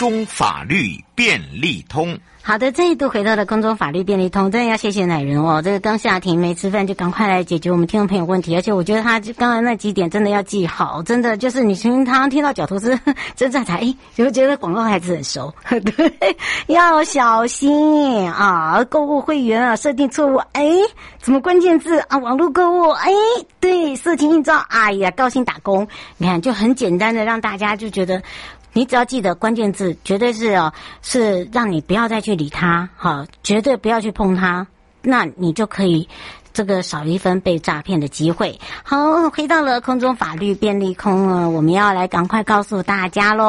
中法律便利通，好的，這一度回到了空中法律便利通，真的要謝謝奶人哦，這個剛下庭沒吃飯就趕快來解決我們聽眾朋友問題，而且我覺得他剛才那幾點真的要記好，真的就是你剛常聽到狡兔是，真在台，哎，就會覺得廣告還是很熟，對，要小心啊，購物會員啊，設定錯誤，哎，怎麼關鍵字啊，網絡購物，哎，對，色情應召，哎呀，高薪打工，你看就很簡單的讓大家就覺得。你只要記得關鍵字，絕對是哦，是讓你不要再去理他，哈，絕對不要去碰他，那你就可以。這個少一分被詐騙的機會。好，回到了空中法律便利空哦，我們要來趕快告訴大家嘍。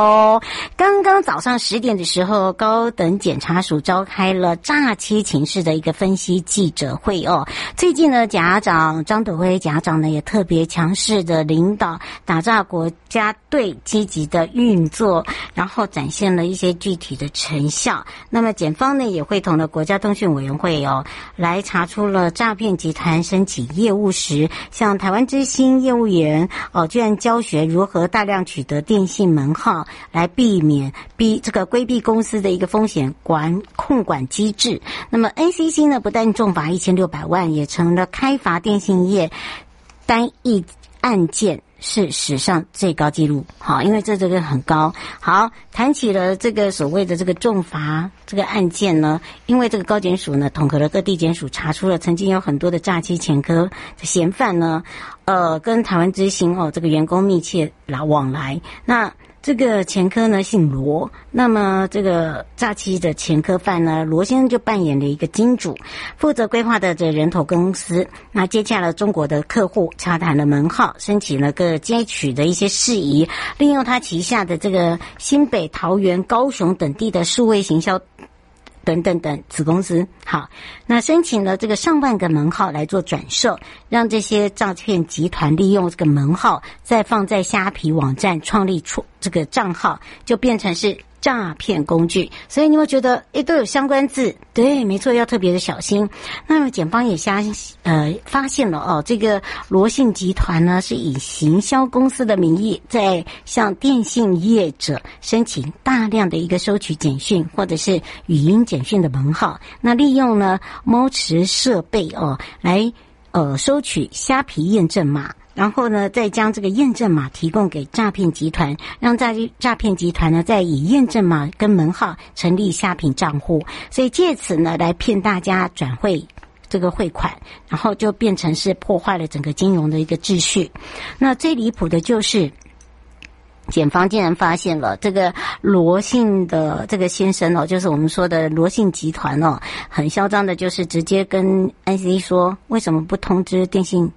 剛剛早上十點的時候，高等檢察署召開了詐欺情勢的一個分析記者會哦。最近呢，檢察長張斗輝檢察長呢也特別強勢的領導打詐國家隊積極的運作，然後展現了一些具體的成效。那麼檢方呢也會同了國家通訊委員會哦，來查出了詐騙集談申請業務時，向台灣之星業務員哦，居然教學如何大量取得電信門號，來避免避這個規避公司的一個風險管控管機制。那麼，NCC 呢不但重罰一千六百萬，也成了開罰電信業單一案件。是史上最高紀錄，好，因為這這個很高。好，談起了這個所謂的這個重罰這個案件呢，因為這個高檢署呢，統合了各地檢署，查出了曾經有很多的詐欺前科的嫌犯呢，呃，跟台灣之星哦這個員工密切來往來，那。這個前科呢，姓羅，那麼這個詐欺的前科犯呢，羅先生就扮演了一個金主，負責規劃的這人頭公司，那接洽了中國的客戶，洽談了門號，申請了個接取的一些事宜，利用他旗下的這個新北、桃園、高雄等地的數位行銷。等等等子公司，好，那申請了這個上萬個門號來做轉售，讓這些詐騙集團利用這個門號，再放在蝦皮網站創立出這個賬號，就變成是。詐騙工具，所以你會覺得，誒，都有相關字，對，沒錯，要特別的小心。那麼檢方也相呃發現了哦，這個羅信集團呢是以行銷公司的名義，在向電信業者申請大量的一個收取簡訊或者是語音簡訊的門號，那利用呢，貓池設備哦來呃收取蝦皮驗證碼。然後呢，再將這個驗證碼提供給詐騙集團，讓詐詐騙集團呢再以驗證碼跟門號成立蝦皮賬戶所以借此呢來騙大家轉匯這個匯款，然後就變成是破壞了整個金融的一個秩序。那最離譜的就是，檢方竟然發現了這個羅姓的這個先生哦，就是我們說的羅姓集團哦，很囂張的，就是直接跟 NCC 說為什麼不通知電信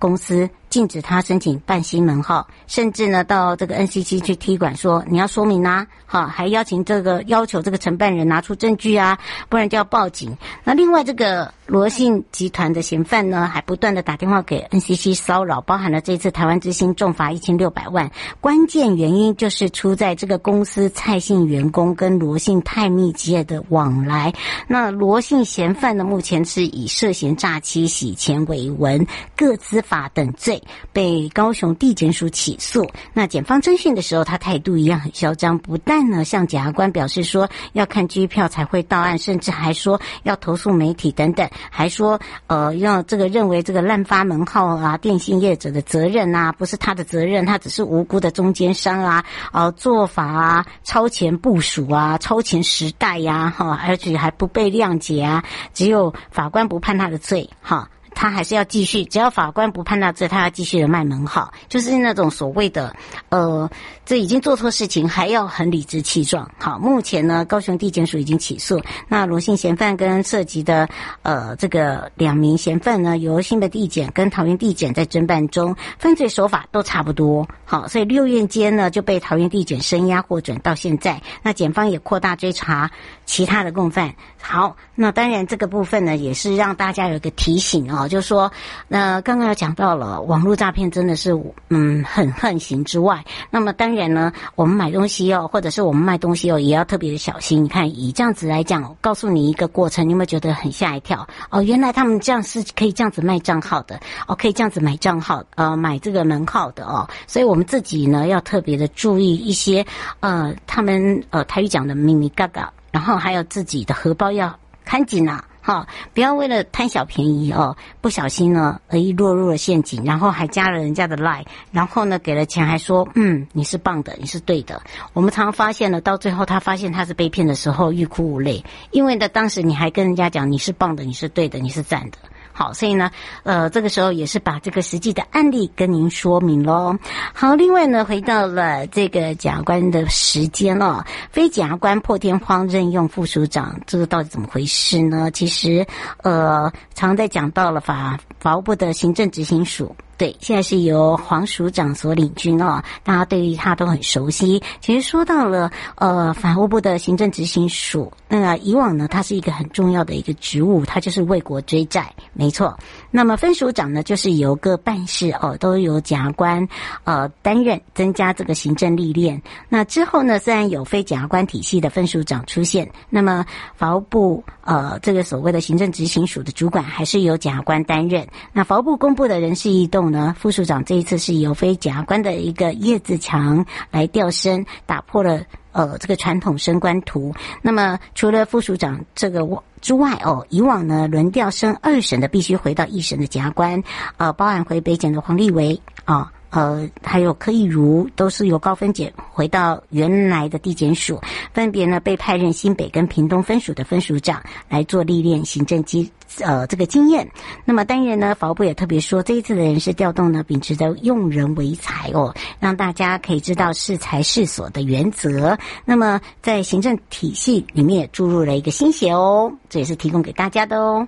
公司？禁止他申請辦新門號，甚至呢到這個 NCC 去踢館，說你要說明啊，好，還邀請這個要求這個承辦人拿出證據啊，不然就要報警。那另外這個。羅姓集團的嫌犯呢，還不斷的打電話給 NCC 騷擾，包含了這次台灣之星重罰一千六百萬。關鍵原因就是出在這個公司蔡姓員工跟羅姓太密切的往來。那羅姓嫌犯呢，目前是以涉嫌詐欺、洗錢、偽文、個資法等罪，被高雄地檢署起訴。那檢方偵訊的時候，他態度一樣很囂張，不但呢向檢察官表示說要看機票才會到案，甚至還說要投訴媒體等等。還說，呃，要這個認為這個濫發門號啊，電信業者的責任啊，不是他的責任，他只是無辜的中間商啊，呃，做法啊，超前部署啊，超前時代呀，啊，哈，而且還不被諒解啊，只有法官不判他的罪，哈。他還是要繼續，只要法官不判他罪，他要繼續的賣門號，就是那種所謂的，呃，這已經做錯事情，還要很理直氣壯。好，目前呢，高雄地檢署已經起訴，那羅姓嫌犯跟涉及的呃這個兩名嫌犯呢，由新北地檢跟桃園地檢在偵辦中，犯罪手法都差不多。好，所以六月間呢就被桃園地檢聲押獲准到現在，那檢方也擴大追查其他的共犯。好，那當然這個部分呢，也是讓大家有一個提醒哦。就說，那、呃、剛剛有講到了網絡詐騙真的是嗯很橫行之外，那麼當然呢，我們買東西哦，或者是我們賣東西哦，也要特別的小心。你看以這樣子來講，告訴你一個過程，你有沒有覺得很嚇一跳？哦，原來他們這樣是可以這樣子賣賬號的，哦，可以這樣子買賬號呃，買這個門號的哦，所以我們自己呢要特別的注意一些，呃，他們呃，台語講的眉眉角角，然後還有自己的荷包要看緊啊。哈，不要為了貪小便宜哦，不小心呢而一落入了陷阱，然後還加了人家的賴，然後呢給了錢還說嗯，你是棒的，你是對的，我們常常發現呢到最後他發現他是被騙的時候欲哭無淚，因為呢當時你還跟人家講，你是棒的，你是對的，你是贊的。好，所以呢，呃，這個時候也是把這個實際的案例跟您說明嘍。好，另外呢，回到了這個檢察官的時間了。非檢察官破天荒任用副署長，這個到底怎麼回事呢？其實，呃，常在講到了法法務部的行政執行署。對，現在是由黃署長所領軍哦，大家對於他都很熟悉。其實說到了呃，法務部的行政執行署，那以往呢，它是一個很重要的一個職務，它就是為國追債，沒錯。那麼，分署長呢，就是由各辦事哦，都由檢察官，呃，擔任增加這個行政歷練。那之後呢，雖然有非檢察官體系的分署長出現，那麼法務部呃，這個所謂的行政執行署的主管還是由檢察官擔任。那法務部公布的人事異動呢，副署長這一次是由非檢察官的一個葉志強來調升，打破了。呃、哦，這個傳統升官圖。那麼，除了副署長這個之外，哦，以往呢，輪調升二審的必須回到一審的檢察官，呃，包含回北檢的黃立維啊。哦呃，還有柯以如都是由高分檢回到原來的地檢署，分別呢，被派任新北跟屏東分署的分署長，來做歷練行政經，呃，這個經驗。那麼當然呢，法務部也特別說，這一次的人事調動呢，秉持着用人為才哦，讓大家可以知道適才適所的原則。那麼在行政體系裡面也注入了一個新血哦，這也是提供給大家的哦。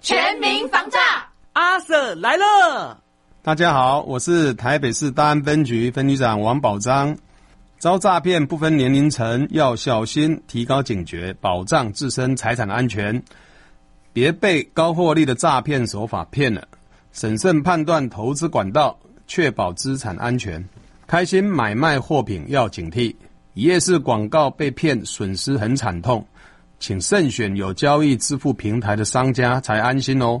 全民防詐，阿 Sir 來了。大家好，我是台北市大安分局分局長王寶章。遭詐騙不分年齡層，要小心，提高警覺，保障自身財產安全，別被高獲利的詐騙手法騙了。審慎判斷投資管道，確保資產安全。開心買賣貨品要警惕，一頁式廣告被騙，損失很慘痛，請慎選有交易支付平台的商家才安心哦。